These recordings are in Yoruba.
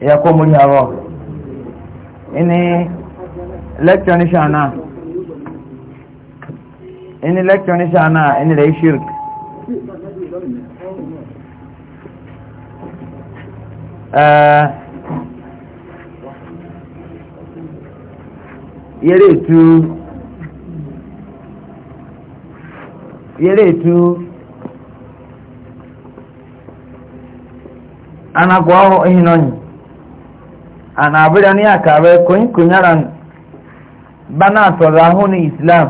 ya ko muri hawa ini lecture ni shana ini lecture ni shana ini dai shirk yere tu yere tu Ana anagwaho ihinonyi anabira ni akabe koyin kunyaran bana tozahu ni islam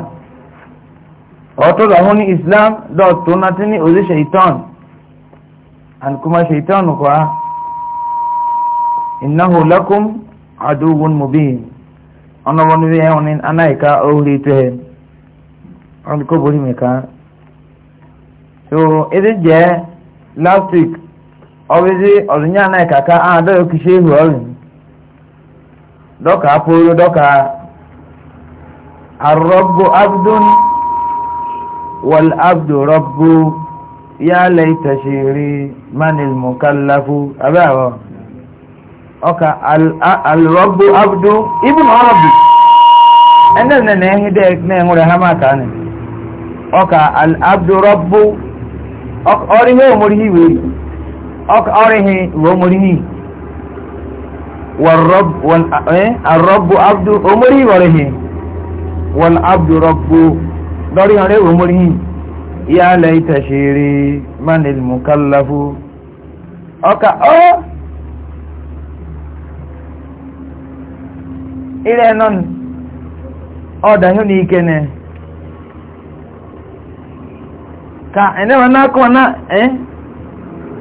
ọtọzahu ni islam dọ̀tún na ti ní orí and kuma shaitan kwa innahu lakum aduwwun mubin ọ̀nà wọn ni wíyẹn wọn anáìka orí tó ẹ wọn kò borí mi ká so èdè jẹ́ last week ọbịzi ọdụnya anaghị kaka a adọghị okisi ehu ọrụ dọka apụrụ dọka arọbụ abdun wal abdu rọbụ ya laita shiri manil mukallafu abịa abụọ ọka alrọbụ abdu ibu na ọrọbụ ndị nne na ehi dị na-enwere ha maka anyị ọka alabdu rọbụ ọrụ ihe omori hiwere أريه ومره والرب والرب عبد عمره وره والعبد رب داري هره عمره يا ليت شيري من المكلف أكا أو إلى نن أدا هني كنه ka ene wana kona eh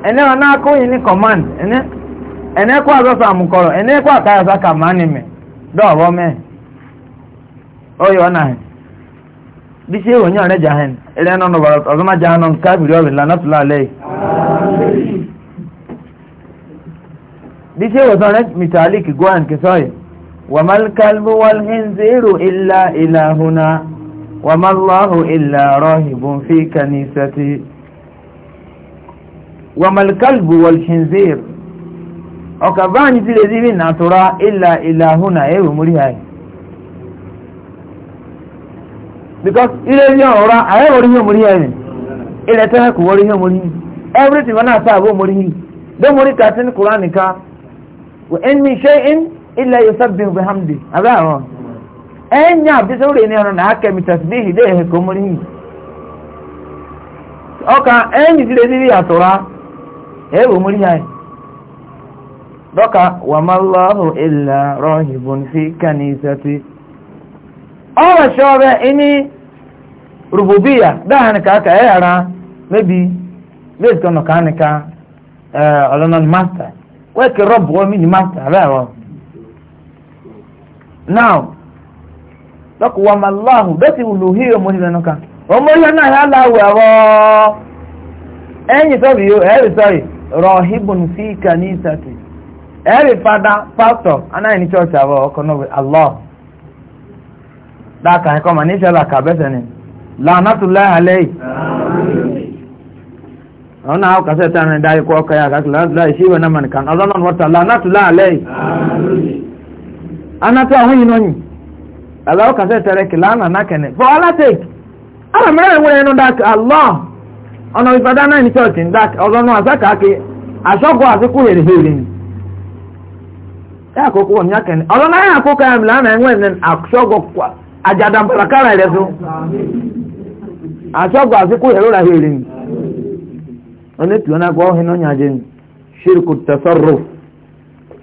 ene ona akoyin ni command ene ene kwa zo sa mukoro ene kwa kaya sa kamani me do bo me oyo na he bi se o nyare jahen ele no no barat azuma jahanam kabiri o la na tula le. bi se o zare mitali ki gwan ke soye وما الكلب والخنزير إلا إلهنا وما الله إلا راهب في كنيستي wàmàlìkálùbù wàlìṣìnzéèrè ọ̀kà báyìí ti lè zírí nàtúrà ìlà ìlà húnà ẹ̀rù múrí àyè because ilé ní ọ̀rá àyẹ̀wò orí yóò múrí ẹ̀rìn ilẹ̀ tẹ́lẹ̀ kò wọ́rí yóò múrí everything wọn náà sáà bó múrí yìí ló múrí kàtí ní koran nìka mi ṣe in ilẹ̀ yóò sábẹ́ ìwé hamdi abẹ́ àwọn ẹ̀yìn àbísọ̀ rẹ̀ ní ọ̀nà náà kẹ́mi tàbí ìdí ẹ̀hẹ̀ kò múrí yìí ọkà ẹ̀rù mú ríyàn dọ́ka wà máa lọ́hùn ilẹ̀ rọ́hìbùn sí kàní ìsẹ́tí ọ̀rọ̀ ṣọ́ọ̀rẹ́ iní rububiya dáhàníkà aka ẹ̀ yàrá mẹ́bi bẹ́ẹ̀ tọ́nà káníkà ọ̀lọ́nà ní mástà wẹ́ẹ̀kì rọ́bù omi ní mástà rẹ̀rọ now dọ́ka wà máa lọ́hùn bẹ́ẹ̀ ti wùlù híyọ̀ mọ́ nílẹ̀ nìkan ọmọ ilẹ̀ náà yà láwù ẹ̀rọ ẹ̀yìn sọ́ọ̀rì yóò ẹ̀rì sọ́ọ̀rì rahibun fi kanisati every father pastor ana ni church abo kono with allah da ka ko man inshallah ka bese ni lanatullah alayhi ona au kase tan dai ko ka ya ka la shi wa man kan allah non wata lanatullah alayhi ana ta hin no ni allah ka se tere ki lana na kene fo ala take ara mere wure no da allah ọ̀nà ìfàdá náà ní church ń dák ọ̀rọ̀ náà àṣọ́kọ̀ àsìkò hèrè ni ẹ àkókò wọn ní akẹ́ni ọ̀rọ̀ náà yà àkókò ẹ̀m lánàá ẹ̀wọ̀n ẹ̀ àṣọ́kọ̀ àjàdàmbàlákàrà rẹ̀ tó àṣọ́kọ̀ àsìkò hèrè rà hèrè ni ọ̀nà tí wọn náà gbọ́ ọ̀hìn náà nyàjẹ́ ni ṣírkù tẹ̀sọ́rọ̀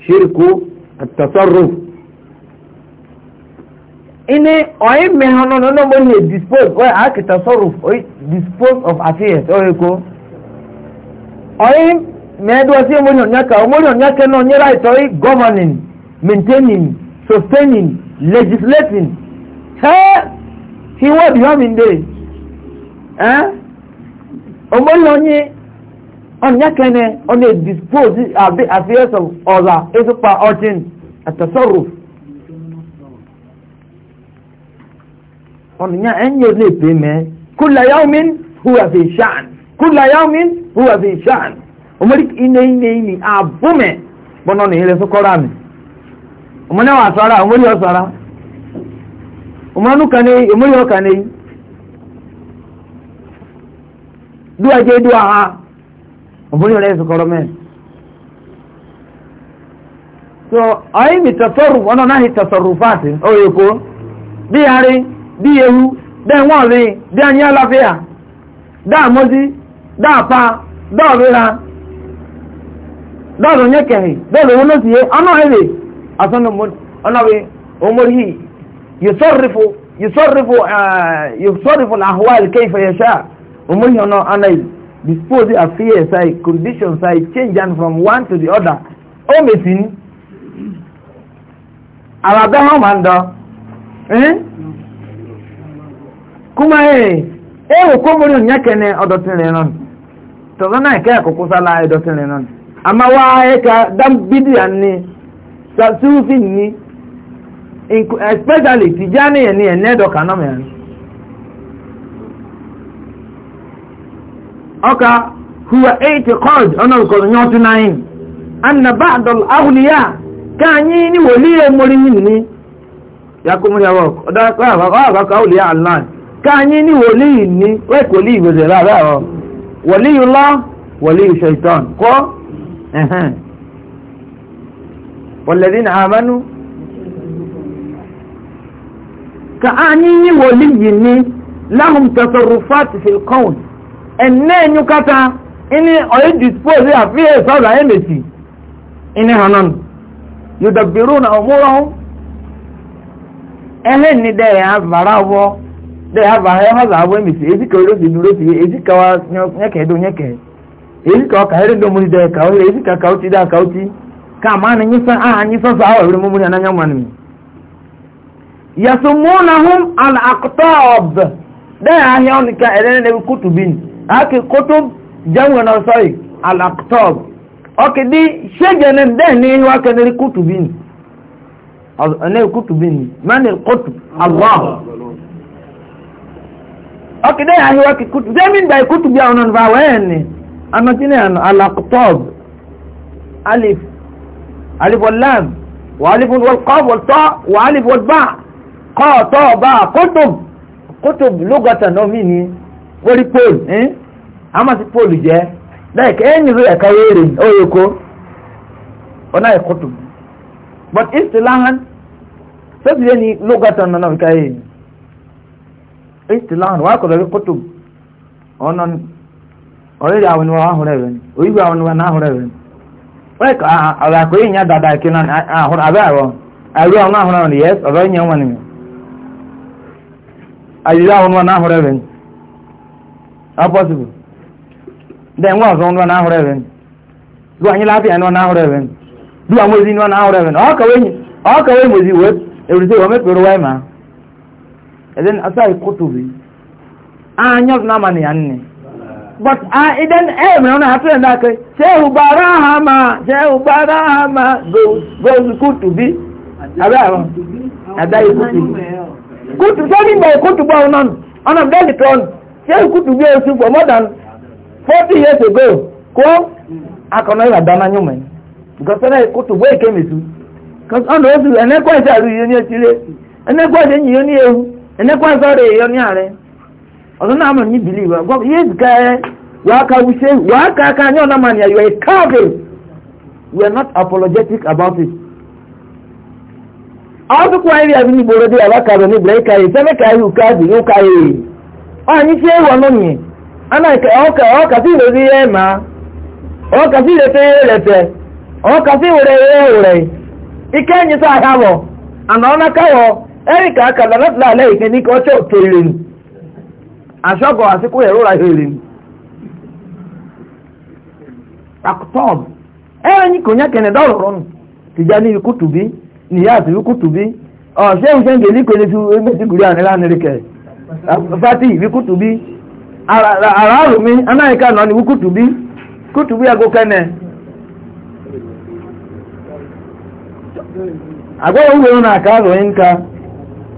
ṣírkù tẹ̀sọ́rọ̀ ini oyi mehono no no money dispose oyi akita sorrow oyi dispose of affairs oyi ko oyi meedu asi omori onyaka omori onyaka na onye right oyi governing maintaining sustaining legislating he he word yomi de eh omori onye onyaka ne onye dispose affairs of other ezupa ọchịn atasọrọ ọ̀nìyàn ẹ̀yìn ò lè pè mẹ́ kúlẹ̀ yàwó mi hùwà fi ṣàn kúlẹ̀ yàwó mi hùwà fi ṣàn ọmọdé iné iné iné àbúmẹ̀ bọ́nà ní ilẹ̀ sọ́kọ́rà mi ọmọdé wà sára ọmọdé wà sára ọmọdé kan ní ọmọdé wà kan ní dúwà jẹ́ dúwà ọmọdé wà sọ́kọ́rọ̀ mẹ́ so ayé mi tẹ̀sọ́rù ọ̀nà náà tẹ̀sọ́rù fáàtì ó yẹ kó bí ewu bẹ́ẹ̀ wọ́n rí bí a ní àlàáfíà dáàmọ́dí dáàpá dọ́ọ̀ríra dọ́ọ̀rọ̀ nyẹ́kẹ̀rì dọ́ọ̀rọ̀ wọn ló sì yé ọ̀nà èrè àsọ́nàmọ́dí omori yìí yusorifu ahwal kaifa yasha omori ọ̀nà anai dispose affairs conditions change from one to the other ó mèsì ní àràbẹ́ hàn máa ń dán kuma ee ewu komori nya kene odotin renon to zana ke ko kusala odotin renon wa dam bidiyan ni ta especially tijani ye ni ne do kana me oka huwa i'tiqad ana ko nyoti nain anna ba'd al awliya kanyi ni waliye mori ni yakumuri awok da ka káàyí ní wòlíì ní wẹ́ẹ̀kì wòlíì ìgbèsè láàbẹ̀ ọ̀ wòlíì lọ wòlíì ṣètàn kọ́ wọ̀lẹ́dí ní àmánú káàyí ní wòlíì ní láhùn tẹ̀sọ̀rù fáti fi kọ́ùn ẹ̀nẹ́ ẹ̀nyúkátá ini ọ̀yẹ́ dispose àfihàn dɛ ava hɛ ɔma zaa wɔn misi ezi ka ɔyɛ ɔsi duro si ezi ka wa nyɛkɛ do nyɛkɛ ezi ka ɔka hɛrɛ ndomuni dɛ ka ɔyɛ ezi ka kauti da kauti ka ama ne nyifa a nyifa fa awɔ ɛwɛrɛ mu mu ni ananya mu anum yasumunahum al akutɔɔb dɛ ahɛ ɔnika ɛdɛ ne bi kutu bin ake koto jamu na sɔri al akutɔɔb ɔke di sege ne dɛ ne wa kɛ ne kutu bin ɔne kutu bin mɛ kutu alahu ọkìdẹ́ àhíwá kìkútù jẹ́mìn bá ìkútù bí àwọn ọ̀nà wẹ́ẹ̀ni anọ́tíní alakutob alif alifọlam wàálifọlkọ́bọ̀tọ́ wàálifọlbá kọ́ọ̀tọ́ bá kótòb kótòb lógọ́tà náà mí ni orí pole ẹ́n a máa ti pole eh? jẹ́ lẹ́ẹ̀kẹ́ ẹ́yìn rẹ̀ ẹ̀ka wéèrè óyoko ọ̀nà ìkótòb but istilahan sẹ́sìlẹ́ ni lógọ́tà náà náà fi káyé ni istilahan wa ko daga kutub onon oriri awon wa ahun rebe ni oyibo awon wa na ahun rebe ni wai ka ala ko yin ya dada kinan ahun abe awon aru awon ahun rebe yes oro yin wani mi ayira awon wa na ahun rebe ni a possible then wa so wa na ahun rebe ni du anyi lafiya ni wa na ahun rebe ni du amozi ni wa na ahun rebe ni o ka we o ka we mozi we everything wa me pero and then aside kutubi anya ah, na mani nne but a ah, idan eh me ona hatu na kai shehu barahama shehu barahama go go kutubi aba ada kutubi kutubi tani ba kutubi onan ona dem the tron shehu kutubi osu for more than 40 years ago ko akona ila dana nyume because na kutubi e kemisu because ona osu ene kwa se aru yoni etire ene kwa se yoni ehu enekwa zọrọ eyo ni are ọzọ na amọ ni believe gwa yes guy ka we say wa ka ka nyo na man ya you are carving we are not apologetic about it ọdụ kwa iri abin dị ala ka ni bere ka ise ka ihu ka dị ụka iri anyị si ewu ọnụ nyi ana ka ọka ma ana ọ na erika akala láti ìkẹ́ ní kọ́ ṣe òtò ìrìn aṣọ́gọ̀ àsìkò ìrora ìrìn akutọ́m ẹ̀rọ kò ní akẹ́nẹ̀ dọ́rọ̀ rọ́nù tìjà ní ikú àti ọ̀ṣẹ́ ìṣẹ́ fi ẹgbẹ́sì gùrí àní lánìí kẹ̀ fati ikú tùbí ara àrùmí anáyíká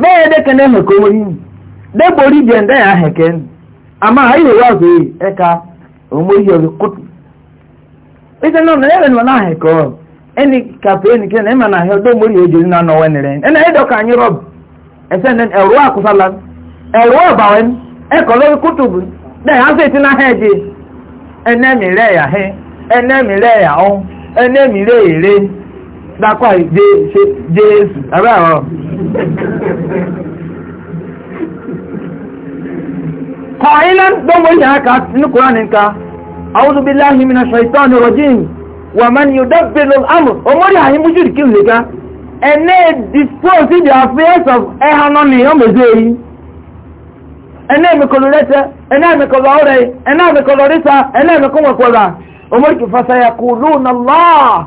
bẹ́ẹ̀ dẹ́kẹ́ náà hẹ̀kọ́ wọ́n yìí dẹ́gbò jẹ́ ǹdẹ́ hẹ̀kẹ́ ní àmà àyè wà pé ẹ̀ka òmò yìí ọ̀rẹ́ kótó ìṣẹ́ náà nà ẹ̀rẹ́ náà hẹ̀kọ́ ẹni ẹni kí náà ọdọ́ mórí ojú náà nọ wẹ́n ẹ̀nà ẹ̀dọ́ ka anyi rọ́b ẹ̀rọ dákọ̀ àìjẹ́ jésù àbẹ́ àwọn قائلا دون هكا نقران انك اعوذ بالله من الشيطان الرجيم ومن يدبر الامر امر هي مشرك لك and they dispose the affairs of ehanoni omezeyi ene mi kolorete ene mi kolore ene mi kolorisa ene mi konwe kola omori ki fasa yakuluna allah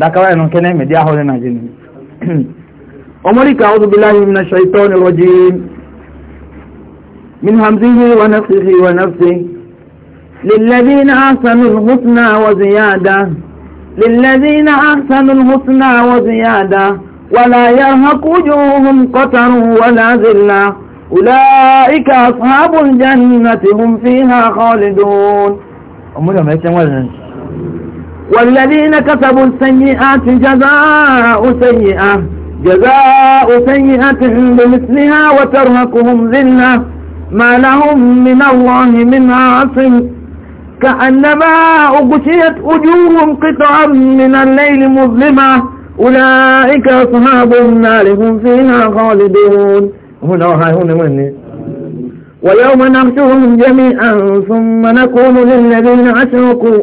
dakawa ẹnu kẹ́nẹ́ mẹ́dí ahọ́rẹ́ náà jẹ́ ni ọmọríkà ọdún bí láyé mina ṣaitọ́ ni rọjí min hamzihi wa nafsihi wa nafsi للذين أحسنوا الحسنى وزيادة للذين أحسنوا الحسنى وزيادة ولا يرهق وجوههم قتر ولا ذلة أولئك أصحاب الجنة هم فيها خالدون أمريكا ما يتنوى والذين كسبوا السيئات جزاء سيئة جزاء سيئة بمثلها وترهقهم ذلة ما لهم من الله من عاصم كأنما أغشيت وجوههم قطعا من الليل مظلمة أولئك أصحاب النار هم فيها خالدون هنا هنا هنا ويوم نغشوهم جميعا ثم نقول للذين أشركوا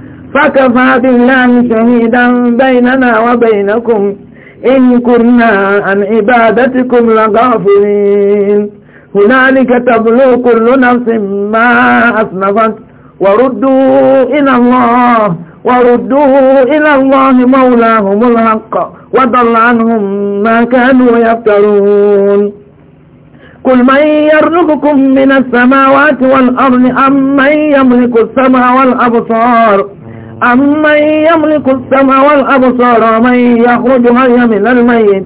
فكفى بالله شهيدا بيننا وبينكم إن كنا عن عبادتكم لغافلين هنالك تبلو كل نفس ما أصنفت وردوا إلى الله وردوا إلى الله مولاهم الحق وضل عنهم ما كانوا يفترون قل من يرزقكم من السماوات والأرض أم من يملك السماء والأبصار أمن يملك السماء والأبصار ومن يخرج الحي من الميت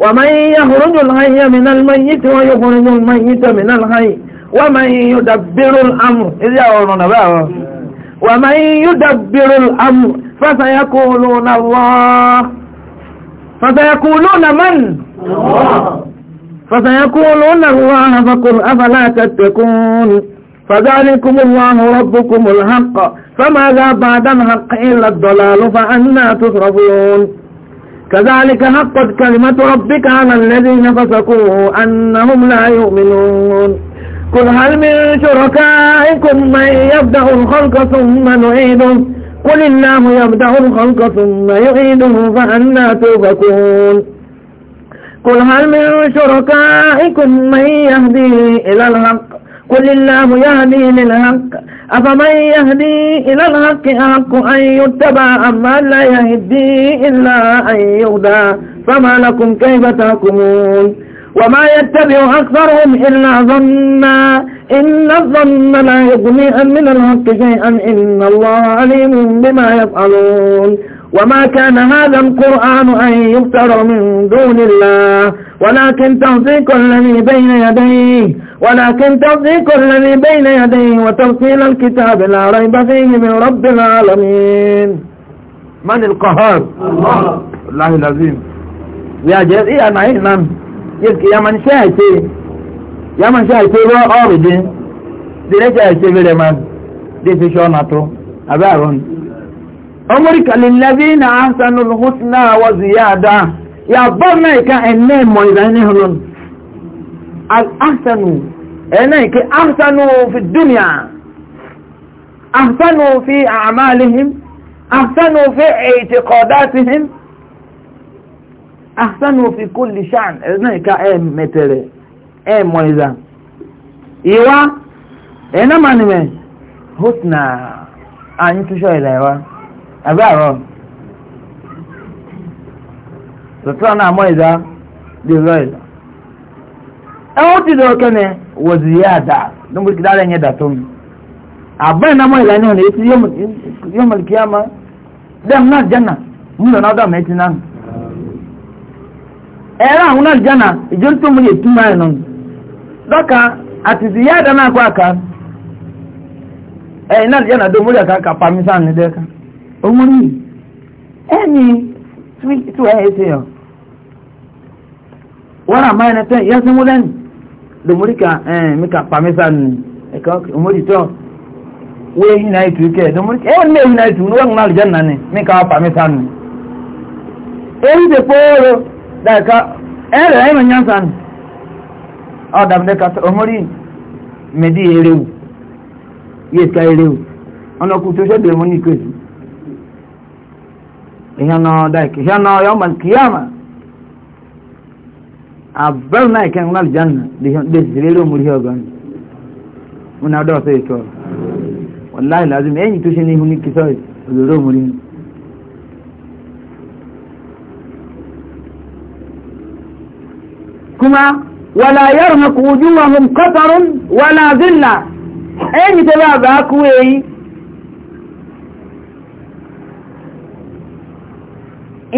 ومن يخرج الحي من الميت ويخرج الميت من الحي ومن يدبر الأمر إذا أولونا بقى ومن يدبر الأمر فسيقولون الله فسيقولون من فسيقولون الله فقل أفلا تتكون فذلكم الله ربكم الحق فماذا بعد الحق إلا الضلال فأنا تصرفون كذلك حقت كلمة ربك على الذين فسقوا أنهم لا يؤمنون قل هل من شركائكم من يبدأ الخلق ثم نعيده قل الله يبدأ الخلق ثم يعيده فأنا توفكون قل هل من شركائكم من يهدي إلى الحق قل الله يهدي للحق أفمن يهدي إلى الحق أحق أن يتبع أما لا يهدي إلا أن يهدى فما لكم كيف تحكمون وما يتبع أكثرهم إلا ظنا إن الظن لا يغني من الحق شيئا إن الله عليم بما يفعلون وما كان هذا القرآن أن يفتر من دون الله ولكن تصديق الذي بين يديه ولكن تصديق الذي بين يديه وتفصيل الكتاب لا ريب فيه من رب العالمين من القهار الله الله العظيم يا جزئي أنا إيمان يا من شاهدتي يا من شاهدتي هو أرضي دي ليش أشتغل من دي في أمرك للذين أحسنوا الحسنى وزيادة يا بنيك إني ميزانهم الأحسنوا إنيك أحسنوا في الدنيا أحسنوا في أعمالهم أحسنوا في اعتقاداتهم أحسنوا في كل شأن إنيك إم متر إم ميزان إيوا إنما نمي حسنى أنتو شايلة إيوا azaron sọtọ́ náà mọ́ ìdá di rọ́ìl ẹ̀wọ́n ti dọ̀ wọ́n ti yé àdá lóun kí dára ẹ̀yẹ dàtọ́ mi àbẹ́ náà mọ́ ìlànà ìhùn èyí yóò mọ̀ kí á mọ́ dẹ́m náà jẹ́nà mú lọ náà dọ̀mẹ́ ti náà ẹ̀rọ àwọn náà jẹ́nà ìjọ tó mú yẹ túmọ̀ dọ́ka àti ti yé àdá náà kọ́ àká ẹ̀yìn náà jẹ́nà mú yẹ ká ní dẹ́ka. omuri ẹni tí wọ́n yẹ ṣe yàn wọ́n àmà ẹni tẹ́ yẹ́ sínú lẹ́nu lòmúrí ka ẹ̀ẹ́n mi kà pàmísà nù ẹ̀ka omuri tọ́ wọ́n èyí náà ètò kẹ́ lòmúrí ka ẹ̀ẹ́n mi èyí náà ètò ní wọ́n ń náà lùjẹ́ nàní mi kà pàmísà nù èyí ti pòórò dàkà ẹ̀rẹ̀ ẹ̀yìn mọ̀ nyánsa nù ọ̀dàmdẹ́ kàtà omuri mẹ́dí eréwu yéèká eréwu ọ̀nà kùtù sọ́dọ̀ ẹ̀mọ́ ní ìkẹ́sì ihana daik ihana yawm al-qiyama abelna ikan ngal janna de zirelo muri hogan una do se to wallahi lazim enyi to shini huni kisoi zirelo muri kuma wala yarnaku wujuhahum qatarun wala dhilla enyi to ba ba kuwei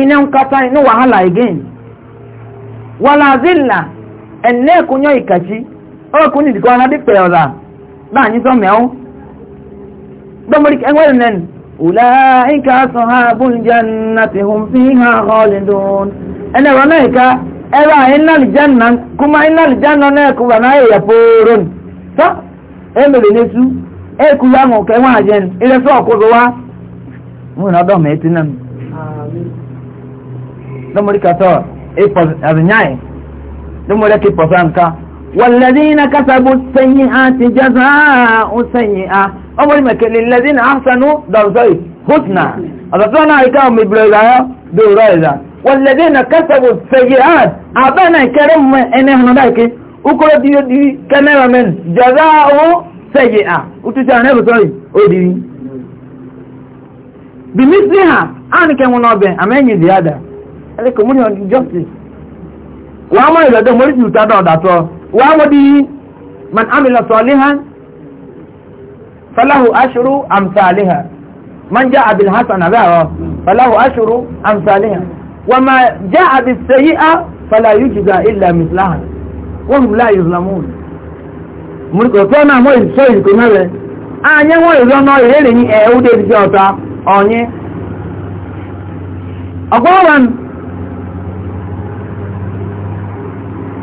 ina nkata ina wahala again wala zilla enne kunyo ikachi o kuni dikwa na dikpe ola na nyi so mewo domori enwe nen ulaika ashabul jannati hum fiha khalidun ene wanaika ewa inna aljanna kuma inna aljanna na kuwa na ya poron so emele nesu eku ya ngo ke wa jen ile so ko wa mu na do me tinan amen domori kato azinyai domori ki posanka والذين كسبوا السيئات جزاء سيئة أمر مكان للذين أحسنوا درجة حسنى أتطلعنا إيكاهم ببلغايا دورايزا والذين كسبوا السيئات أعطانا كرم إن إحنا دايك أكرة ديو دي كنرا من جزاء سيئة وتشاهنا بطري أودي بمثلها أنا كمنابع أمين زيادة ẹni communion di justice wàá mọ ìrọ̀dọ̀ mọ́rí ti ìta náà dàtọ̀ wàá mọ́ di man amila sọ̀líhà falahu ashuru amsaliha man jẹ́ abil hasan àbẹ́rọ falahu ashuru amsaliha wà máa jẹ́ abil sẹ́yí á falayu jìgà ilẹ̀ mislahan wọ́n mú láàyè islamun mọ́rí kò tó náà mọ́ ìsọ ìkò mẹ́rẹ̀ ààyẹ́ wọ́n ìrọ̀nà ìrẹ́rẹ̀ ní ẹ̀ẹ́wúdẹ́ ìdíjọ́ ọ̀ta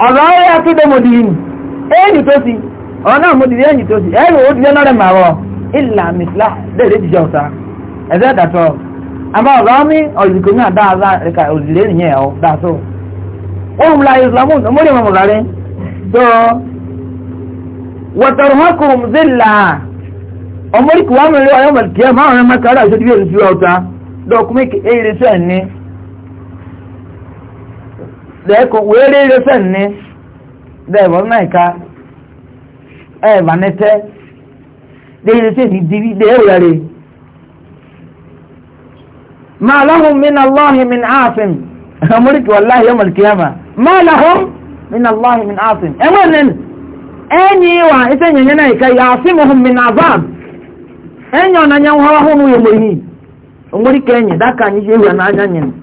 ọ̀rọ̀ ayé akéde mo dìrì ní éyìn tó sì ọ̀rọ̀ náà mo dìrì éyìn tó sì ẹ̀rù ó dìrì náà rẹ̀ mà wọ ìlà mìsílà léèrè jíjẹ ọ̀tá ẹ̀fẹ́ dàtọ̀ àmọ́ ọ̀rọ̀ mi ọ̀rìnkò náà dáadáa ẹ̀ka òdìrì ènìyàn ẹ̀ ọ́ dàtọ̀ wọ́n mu la islamu ọmọdé mọ̀ mọ̀ rárẹ̀ tó wọ́tọ̀rọ̀ hàn kò mú zèlà ọmọdé kò wá mi rí ọ̀yọ́ mọ̀ kí ẹ̀ máa rẹ̀ mọ́ deko were ire senne debo naika e vanete de ire se ni ma lahum min allah min asim amrik wallahi yawm alqiyama ma lahum min allah min asim amanen enyi wa ise nyenye naika yasimuhum min azab enyo na nyanwa hunu yemoni omori kenye daka nyi yewa na anya nyenye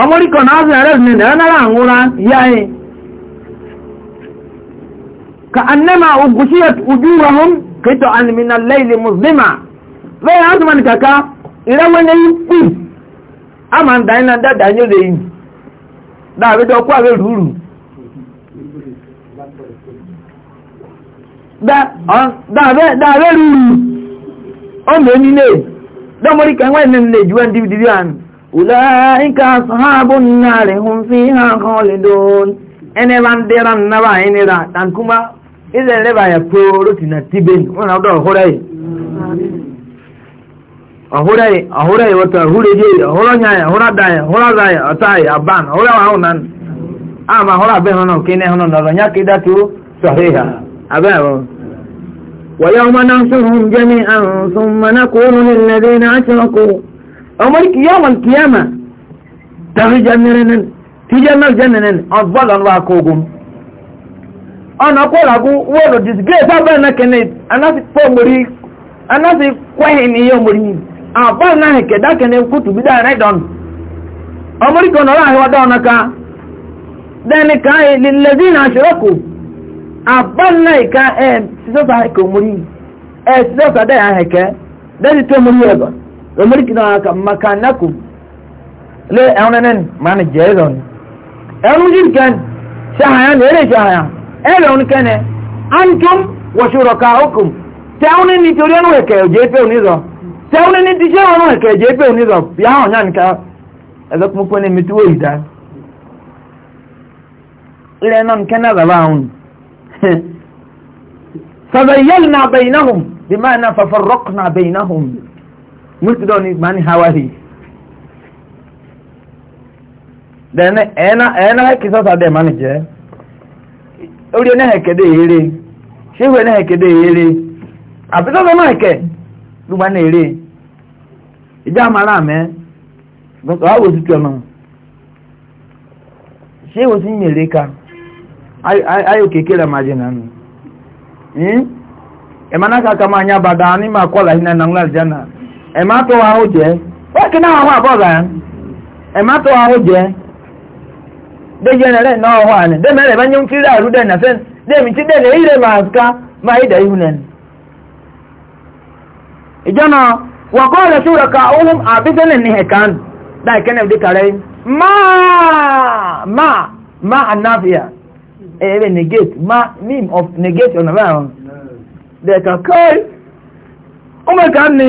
ọmọríkọ̀ náà zai rẹ̀ ní ẹ̀rẹ́nàrà àwúrá yáyé ka annama ugushiyat ujuhum kito an min al-layl muslima ve azman kaka ira wani pi aman da ina da danyo de yi da bi do kwa be ruru da on da be da be ruru on be ni ne da mori kan wa ne ne juwan di di an أولئك أصحاب النار هم فيها خالدون أنا بانديرا نبا أنا دا إذا لبا يبورو تنتبين وانا أبدا أخوري أخوري أخوري جي أخورا ناي أخورا داي أخورا داي أتاي أبان أخورا وعونان أما أخورا بيهنو كيني هنو نرنيا كده تو صحيحة ويوم نحشرهم جميعا ثم نقول للذين أشركوا ọmọdé kì yọ wọn kì yàmà tàbí jẹmìrìnìn tí jẹmìrìnìn ọgbọ́dọ̀ ní wa kó ogun disgrace abẹ́ náà kẹ́nẹ́ na pọ̀ mórí anáfi kwẹ́hìn ní yọ mórí yìí àpọ̀ náà hẹ̀kẹ́ dákẹ́nẹ́ kútù bí ka rẹ́dọ̀n ọmọdé kọ́ nọ́rọ̀ àhẹ́wà dá ọ̀nà ká dẹ́ni ká lẹ́lẹ́dí náà ṣọ́rọ́kù àpọ̀ náà ìka ẹ̀ sísọ́sà hẹ̀kẹ́ mórí ẹ̀ omeri na aka makanakum le ɛwonenen mani jɛɛlɔn ɛwon jirkan sahaya ne ere sahaya ɛlɔn kɛnɛ antum wasurɔkaokum tɛwone ni torí ɛnu hɛkɛ ojee pe oni zɔ tɛwone ni tisɛ ɛnu hɛkɛ ojee pe oni zɔ yaa ɔnya nika ɛlɔkumu kpɛnɛ mitu wo yita ilẹ̀ ẹ̀nà kẹ́nà bàbá àwọn sọ̀rọ̀ ìyẹ́lì náà bẹ̀yìn náà hùm bí máa náà fàfọ̀rọ̀kù náà bẹ̀yìn náà hùm murtidon is mani hawahi then ena ena kisa sa de mani je ori na heke de ere se we na heke de ere abi to na heke lu ma na ere ija mara me go ka wo si tono se wo si mere ka ay ay ayo kekele majina ni hmm e manaka kama anya badani makola hina na ngla jana ẹ̀má tó wa ó jẹ́ wọ́n kì náà àwọn àbọ̀gà ẹ̀má tó wa ó jẹ́ déjì ẹnẹrẹ náà wà ní dẹ́mẹ̀rẹ̀ bá nyún kiri àrú dẹ̀ nàfẹ́ dẹ́mi tí dẹ́nà ilẹ̀ máa ká máa yí dẹ̀ ihu nẹ̀ ìjọ náà wọ́n ohun àbísẹ́lẹ̀ ní ẹ̀ka dáì kẹ́nẹ̀ dé kàrẹ́ máa máa negate ma meme of negate ọ̀nà báyìí dẹ̀ kàkọ́ ọmọ ìka ni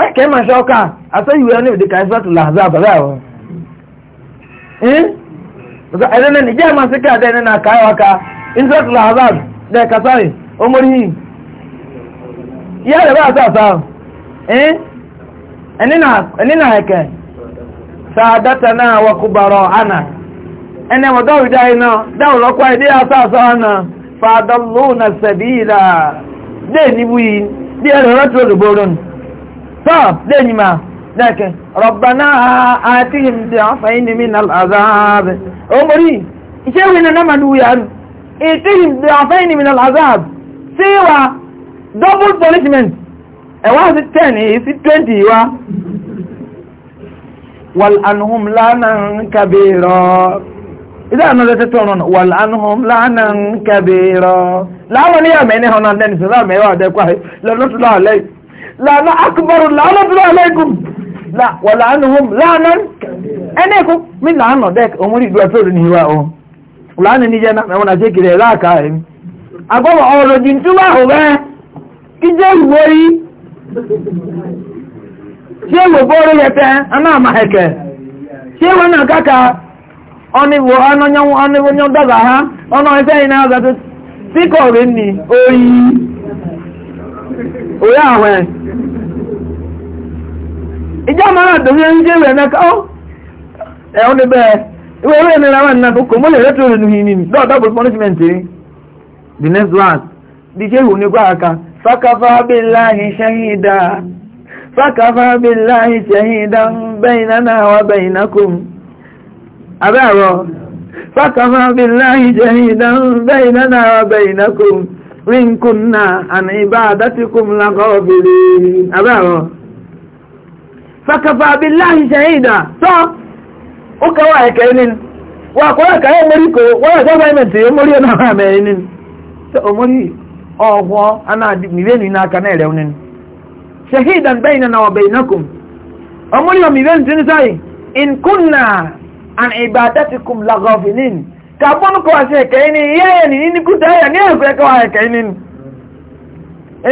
onye ka ịma nshọ ka asọ iwe ọ na-ebide ka ịsọ tụla azụ abara ahụ ẹ̀rẹ́ náà nìjẹ́ ma síkẹ́ àdẹ́ ẹ̀rẹ́ náà káyọ̀ ká ìsọ́tùlà hazard dẹ̀ kàtàrí omori yìí yẹ́ rẹ̀ bá àtàtà ẹni náà ẹ̀kẹ́ sàádọ́ta náà wọkúbọ̀rọ̀ ánà ẹni wọ́n dọ́wìdá iná dáwọ̀lọ́kọ́ ẹ̀dí àtàtà ánà fàdọ́lù náà sẹ̀bí ìlà dé níbú yìí dí ẹ̀rẹ́ rẹ̀ tó طب دين ما لكن ربنا آتهم ضعفين من العذاب عمري يسوي لنا مدويا آتهم ضعفين من العذاب سوى دبل بوليسمنت واحد الثاني في 20 و والأنهم لعنا كبيرا إذا أنا لا تتونون والأنهم لعنا كبيرا لا من يا مني هنا ننسى لا من يا دكوا لا نطلع عليه lana akụbarụ lana dụrụ alaikum la wala anuhum lana mi anọ dek onwere igwe atụrụ n'iwa o lana nije na mewona jekire ra aka ahụ agbawa ọrụ ji ntụwa ahụ wee kije ije yi ṣe wòbó orí yẹtẹ aná àmàhẹkẹ ṣe wọn náà káka ọniwo ọnìwònyàn dọ́gba ni oyi onye ahụ ije amara adọnye ndị ewe emeka ọ ẹ̀hún ni bẹ́ẹ̀ ìwé ìwé punishment rí the next one di ṣe ìhùn aka Fakafa bí láàyè ṣẹ́yìndà fákàfà bí láàyè ṣẹ́yìndà bẹ́yìnà náà kom. bẹ́yìnà arọ. Fakafa àrọ̀ fákàfà bí láàyè ṣẹ́yìndà in kunna an ibadatikum laghafirin abaro fakafa billahi shahida so o ka wa ke nin wa ko ka e mori ko wa ka ba men te mori na ma me nin so o mori owo ana mi be ni na ka na rew nin shahidan bainana wa bainakum o mori o mi be tin sai in kunna an ibadatikum laghafirin kàbọ́nù kọ́ àṣẹ ẹ̀kẹ́ ní iye ẹ̀yẹ̀ ní ní kúta ẹ̀yẹ̀ ní ẹ̀kọ́ ẹ̀kọ́ ẹ̀kẹ́ nínú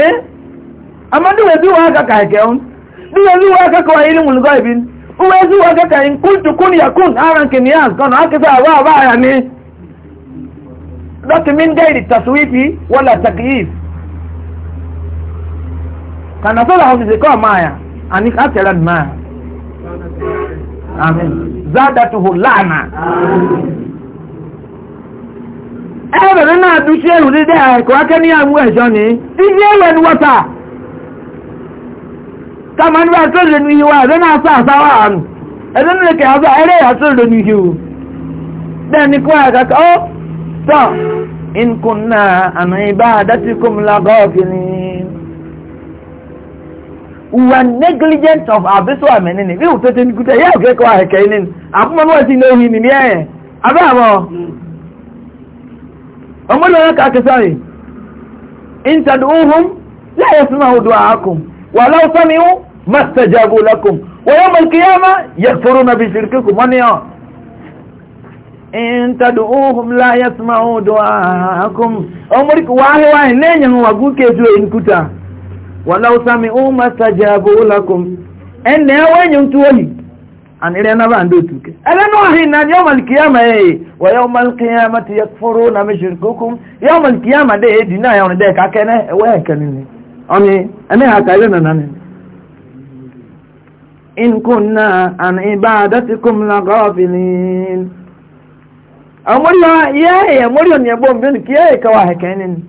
ẹ́ amádùwẹ̀ bí wọ́n akẹ́kọ̀ ẹ̀kẹ́ ọ̀hún bí wọ́n bí wọ́n akẹ́kọ̀ ẹ̀yẹ̀ ní mùlùkọ́ ìbí wọ́n bí wọ́n akẹ́kọ̀ ẹ̀yìn kúntù kún yakun arankin ní amen zádàtúhù láàmà amen ẹ̀rẹ̀ náà bí ṣe èrù dídẹ́ ẹ̀kọ́ akẹ́ni àmú ẹ̀ṣọ́ ni dídí ẹ̀wẹ̀ ni wọ́ta kàmánúwà tó lè nu ìwà ẹ̀rẹ́ náà sọ àsáwà àánú ẹ̀rẹ́ náà kẹ̀ àzọ ẹ̀rẹ́ yà tó lè nu negligent of our vessel amene ni bí òtẹ́tẹ́ ní kúta yẹ́ òkẹ́kọ̀ọ́ àkẹ́ ní àkúmọ́nú ẹ̀sìn ní ohin amma da haka aka sani in tad'uhum la yasma'u du'aakum wa law sami'u mastajabu lakum wa yawm al-qiyamah yakfuruna bi shirkikum wa ni'a in tad'uhum la yasma'u du'aakum umrik wahi wahi nenyen waguke anire na ba ndo tuke alanu ahi na yawm alqiyama eh wa yawm alqiyamati yakfuruna mishirkukum yawm alqiyama de e, dina yawm e, de ka kene e, we kene ni oni ene ha kale na nani in kunna an ibadatikum laghafilin amuriya ye ye muriyo ne bo mbe ki ye ka wa kene ni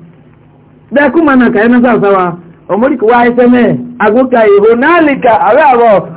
da kuma na kale na sawa omuri ko wa iseme agoka ihonalika awe abo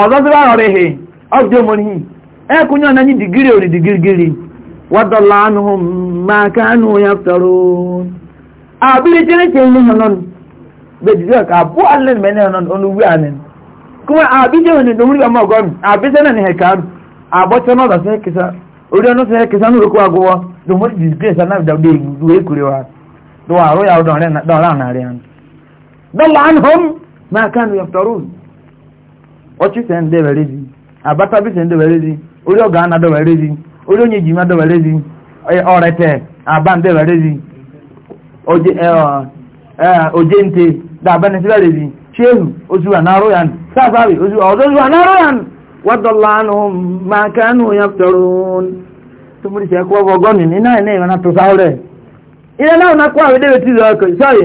ọ̀zọ́ tí wọ́n rẹ̀ hẹ̀ ọjọ́ mọ̀ ní ẹkùn yóò náà ní dìgírí orí dìgírí wọ́dọ̀lá ánú máa kánú ya fẹ́rọ àbílẹ̀ tí ní tẹ̀lé hàn lọ́nà bẹ̀jì ọ̀kà àbú alẹ́ mẹ́lẹ́ ọ̀nà olúwí àná kuma àbíjẹ́ òní lórí ọmọ ọgọ́rùn àbíjẹ́ náà ní ẹ̀ka àbọ̀tẹ́ náà lọ sí ẹ̀kẹsà orí ọ̀nà sí ẹ̀kẹsà ní orúkọ agọwọ́ lòmọ́ dìgírí ánú máa kánú ya fẹ́rọ ọchịse ndị werezi abatabise ndị werezi ori ọga ana dowerezi ori onye jima dowerezi ọrete aba ndị werezi e, ojente e, e, daba nesi werezi shehu ozuwa na arụ ya safari ozuwa ọzọzuwa na arụ ya wadọla anụ ma ka anụ ya tọrọ tumuri sị akwụkwọ ọgọnụ ị naghị na-enwe na tụsa ọrịa ihe na-ahụ na kwa ahụ debe tizi ọkụ sọrị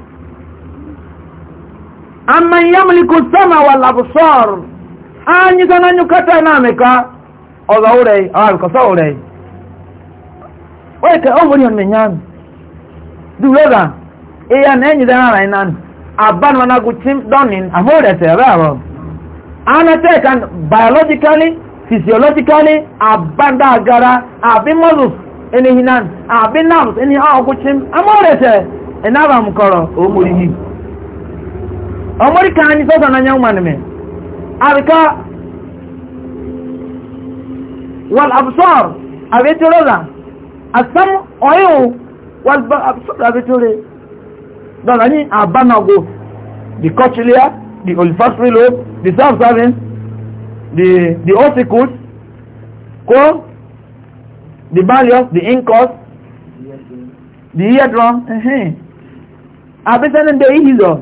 amma yamliku sama wal absar anyi kana nyukata nameka ozaure ah ko saure weka omuri on menyan duloga iya nenyi dana rainan aban wana guchim donin amore te rabo ana te kan biologically physiologically abanda agara abi muscles eni hinan abi nerves eni ha guchim amore te enaba mkoro omuri hi omori kani sasa na nyauma nime arika wal absar abetorola asam oyo wal absar abetore dala ni abanago the cochlea, the olfactory lobe the self-serving the the ossicles ko the ballius the incus the eardrum uh -huh. abisenen de ihilo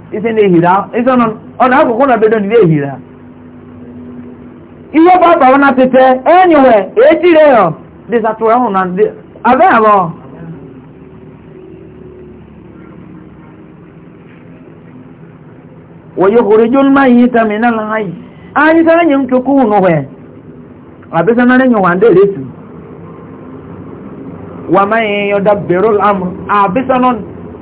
isi na ehira isi ọ na akụkụ na bedo nile ehira ihe bụ abawa na tete enyiwe etire yo dị satụrụ ahụ na ndị abịa abụọ ويخرجون الميت من الحي anyị sara nye nchukwu n'ụwa abịsa nara nye wanda eretu wa mayi yọda berol amụ abịsa nọ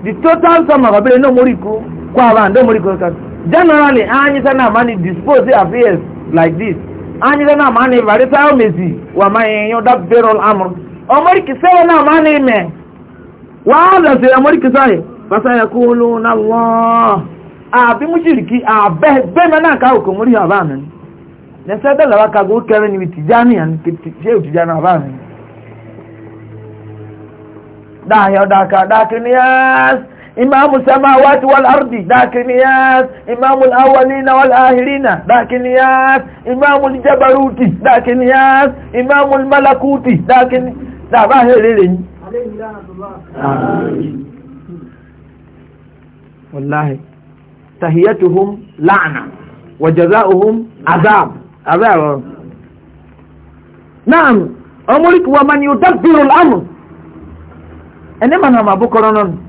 the total sum of abịrị n'omoriku kwa ba ndo muri ko kan generally anyi sana mani dispose affairs like this anyi sana mani varita mezi wa mai yo da berol amr omori kisere na mani me wa da se omori kisere fasa yakuluna allah abi mushiriki abe be me na ka ko muri aba nan ne se da la ka go kere ni bitijani an kitije utijana aba nan da yo da ka da kinias إمام السماوات والأرض داكنيات إمام الأولين والآخرين داكنيات إمام الجبروت داكنيات إمام الملكوت داكن لا باهر لين عليه لعنة والله تهيتهم لعنة وجزاؤهم عذاب عذاب نعم أمرك ومن يدبر الأمر إنما نعم أنا ما بكرنون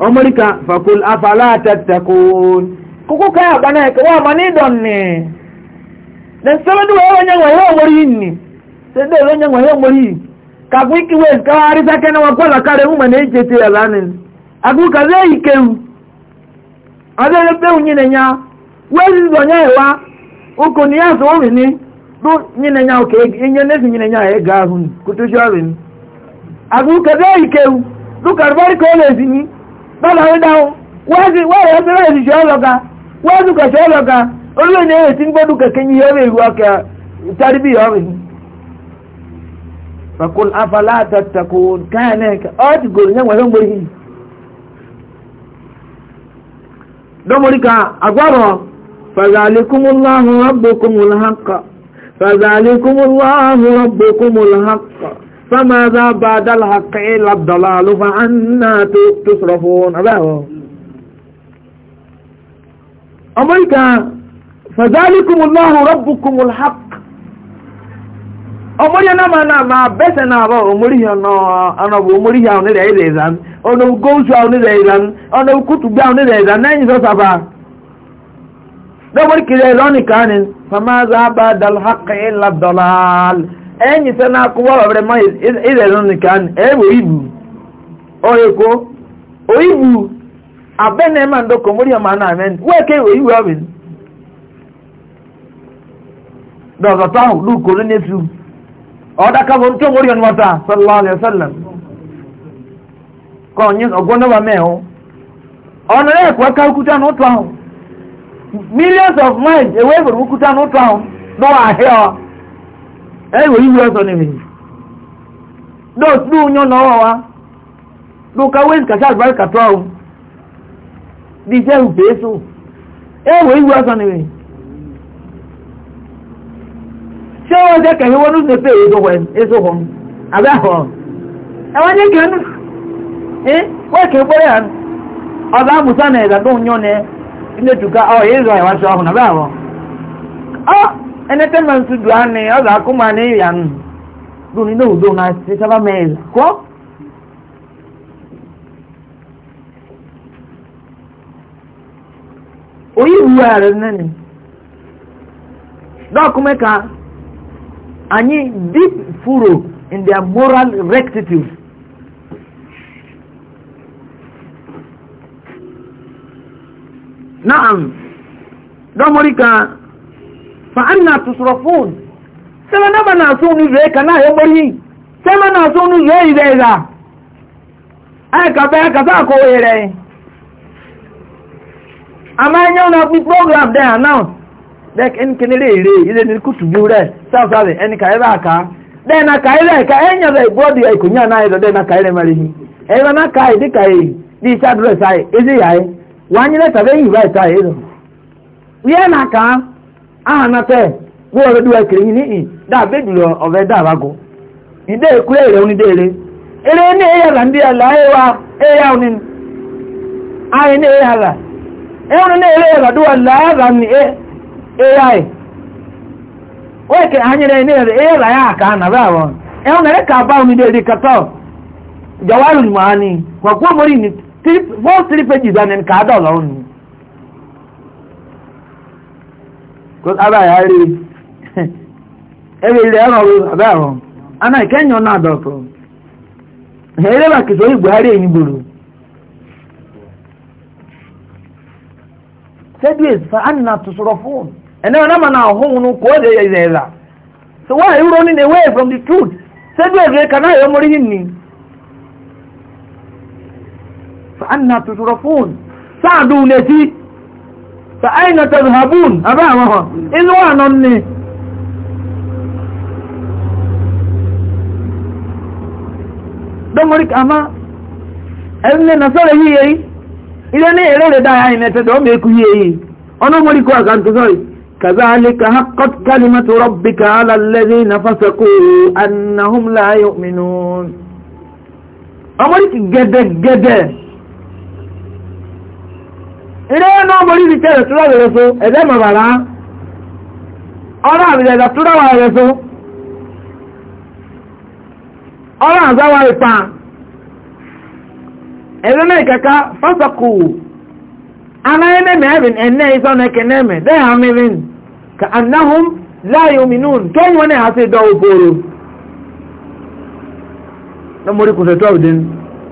omrika fakul afala tattakun kuku kaya bana ka wa mani donne dan sabandu wa nyang wa yo mori ni sede lo nyang wa yo mori ka gwiki we ka ari sake na wakola kare mu mane agu ka ikeu ade le pe unyine nya uko ni ya ni do nyine oke enye ne nyine nya e ga agu ka ikeu do karbari ko le bábà ń dáhùn wọ́n yẹ fẹ́rẹ́ ìṣiṣẹ́ ọlọ́ga wọ́n dùn kẹ̀kẹ́ ọlọ́ga olóyìn ní èyí tí ń gbọ́dún kẹ̀kẹ́ yìí ọ̀rẹ́ ìlú ọkẹ́ ìtàrí bí ọ̀rẹ́ fakul afala tattako kayanaka ọtí gòrò yẹn wọ́n lọ́gbọ̀rọ̀ yìí dọ́mọ̀ríkà agbárọ̀ fàzàlẹ́kùnmùláhùn rọ́gbọ̀kùnmùláhàkà فماذا بعد الحق إلا الضلال فأنا تصرفون أباه أمريكا فذلكم الله ربكم الحق أمريكا نما نما بسنا أبا أمريكا أنا أبو أمريكا أنا لا إذن أنا أقول أنا لا إذن أنا أكتب أنا لا إذن نين زوجة دمر كذا لوني كان فماذا بعد الحق إلا الضلال enyi sị na ọbara ma ịlere nke anị ewe ibu oyibu ndo komori ma na amen ewe iwe ọbịn ahụ lukoro n'efu ọ dakabụ ntụ omori ọnụ wata sallallahu alaihi wasallam ka onye ọgwọ nọba mee ọ nọ na-ekwe aka n'ụtụ ahụ millions of miles e n'ụtụ ahụ n'ụwa ẹ̀wọ̀ yìí wúlọ́ sọ ní mi dọ́ọ̀ tí ó yán lọ́wọ́ wa ló ká wéyìn kàṣà àlùbáríkà tó àwọn bí iṣẹ́ ìgbé so ẹ̀wọ̀ yìí wúlọ́ sọ ní mi ṣé wọ́n jẹ́ kẹ̀yìn wọ́n ní pé èso wọn àbẹ́ àwọn ẹ̀wọ́n jẹ́ kẹ̀yìn ẹ̀ wọ́n kẹ̀yìn pẹ́rẹ́ àná ọba àmùsọ̀ nà ẹ̀dàgbọ́n yán ní ilé tùkà ọ̀ yẹ́ ìrọ̀ ẹ̀wá ẹnẹtẹ máa ń tu dùn á ní ọ̀dọ̀ akóma ní ìyànú dùn nínú òdo náà ṣe sábà mẹ́ẹ̀lì kọ́. oyi wu ààrẹ nínú dọ́kùnmẹ́ka anyị deep furo in their moral rectitude. naam dọ́mọ̀rí kan. فأنا تصرفون سما نما ناسون زي كنا يبري سما ناسون زي زي ذا أي كفاية كفاية كويرة أما ينو نابي program there na dek en kenere ere ile ni kutu bi ure sa sa le en ka ebe aka de na ka ire ka enya ze ai kunya na ire de na ka ire mari e na ka ide ka e di sa ya wanyi le ta be yi ye na ka ahanatɛ e, na ɔbɛ do ɛkele yi nii daa bɛ dulɔ ɔbɛ daa ba go ide ekule ere ere ere ne eya la ndi eya e ere la e eya e o eke anyere ne ere eya la ya aka na ba wo eya ne ka ba oni de ere kato jawaru ka because aba ya ebe ẹ̀rọ ọ̀rọ̀ àbẹ́ àrọ̀ aná ìkẹ́yìn náà dọ̀kọ̀ ẹ̀rẹ́ bá kìsọ́ ìgbòhárí èyí gbòrò sẹ́díẹ̀ sá á nà fún ẹ̀nà ọ̀nà mà náà ọ̀hún so na from truth ka fa aina tazhabun aba àwọn hàn inú àná ni dọ́mọ̀rí kàmá ẹni na sọ́rọ̀ yíye yìí ilé ní èrè rẹ̀ dáa àìyàn ẹ̀tẹ̀dọ̀ ọmọ ekú yíye yìí ọlọ́mọ̀rí kọ́ àkàntù sọ́rọ̀ كذلك حقت كلمة ربك ilé náà mọ̀rí ní kẹrẹ̀ túrọ̀ rẹ̀ so ẹ̀dẹ́ mọ̀bàrá ọ̀rọ̀ àbìlẹ̀dà túrọ̀ wà rẹ̀ so ọ̀rọ̀ àzáwà ìpa ẹ̀rẹ́ náà kẹka fásakù anáyẹ́nẹ́mẹ̀ ẹ̀rìn ẹ̀nẹ́ ìsọ́nẹ́kẹ̀nẹ́mẹ̀ dẹ́yà mìíràn ka annahum láàyè ominun kẹ́yìn wọn náà á sì dọ́ òpóòrò na mọ̀rí kùsẹ̀tọ́ ọ̀dẹ́nu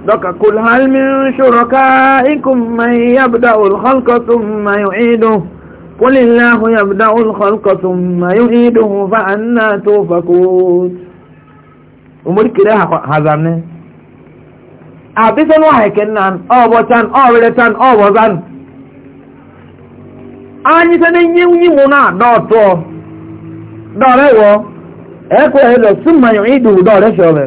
دوكا قل هل من شركائكم من يبدأ الخلق ثم يعيده قل الله يبدأ الخلق ثم يعيده فأنا توفكون umuri kire hazanne abisan wahe kennan obotan obiretan obozan anyi sene nyiwu nyiwu na dọtọ dọrẹwọ ẹkọ ẹlọ súnmọ ìdù dọrẹ ṣọlẹ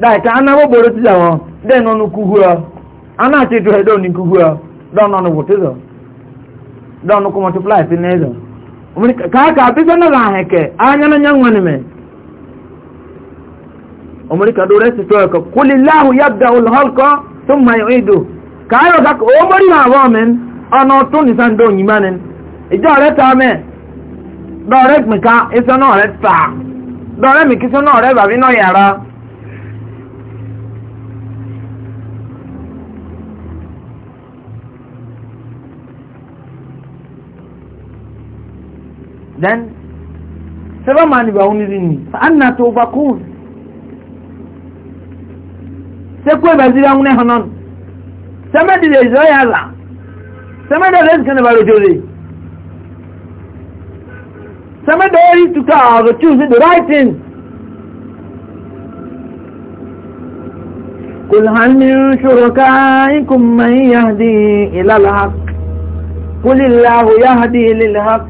daika anabo boro ti jawon den onu kuhua ana ti do hedo ni kuhua don onu wotezo don onu ko multiply ti ka ka bi zana la na nyangwani me ka do resi to ko kulillahu yabda'u al-khalqa thumma yu'idu ka ayo ah. ka umri ma wa men to ni san do re ta ah, me do re mi ka re ta do re mi re no yara ah. then sẹ́fà máa ní ìbáwọn nídìí ni anna tó bá kú sẹ́kú ẹ̀bà sí ìyá wọn ẹ̀hán náà sẹ́mẹ́dì lè zọ́ yà là sẹ́mẹ́dì lè zọ́ yà lọ́jọ́ lè sẹ́mẹ́dì lè rí tuta ọ̀rọ̀ choose the right thing. قل هل من شركائكم من يهدي إلى الحق قل الله يهدي للحق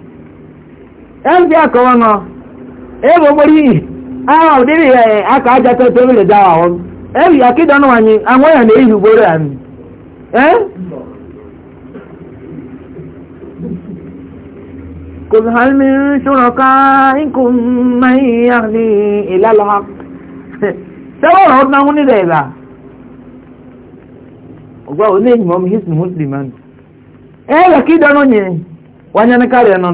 ẹnjẹ akọwọ ńọ ewu omori ahụ ọdịrị e ya aka aja tọtọ mmiri daa ahụ ewu ya kịda anyị amụọ ya na ehi ugboro ya ee قل هل من شركائكم من يهدي إلى الحق سواء ربنا من ذلك ọgbà oníyìn mọ́mí his muslim ẹ̀rọ kí dáná yẹn ní kárí náà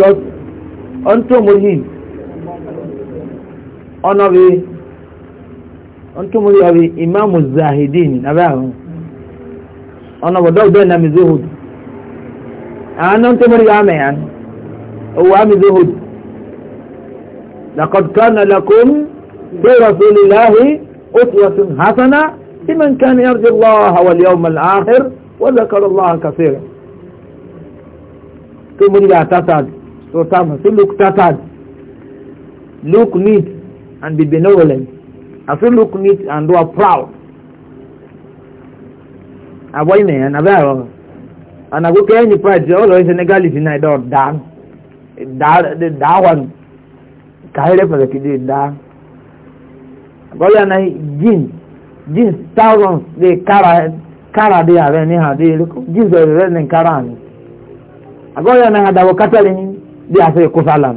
because unto murhin onabi unto murhi abi imam zahidin abahu onabi do do na mi zuhud an unto murhi ameyan huwa mi zuhud لقد كان لكم في رسول الله أسوة حسنة لمن كان يرجو الله واليوم الآخر وذكر الله كثيرا كم من لا تسعد So Psalm say look tattered. Look neat and be benevolent. I say look neat and do a proud. Avoid me and avoid and I go carry any pride. All the Senegalese in I don't down. That one. Kahire for the kid down. Goya na jeans. Jeans thousands they carry kara dey are anyhow dey look jeans are red and kara. Goya na hadawo katalin bí a ṣe kó sálà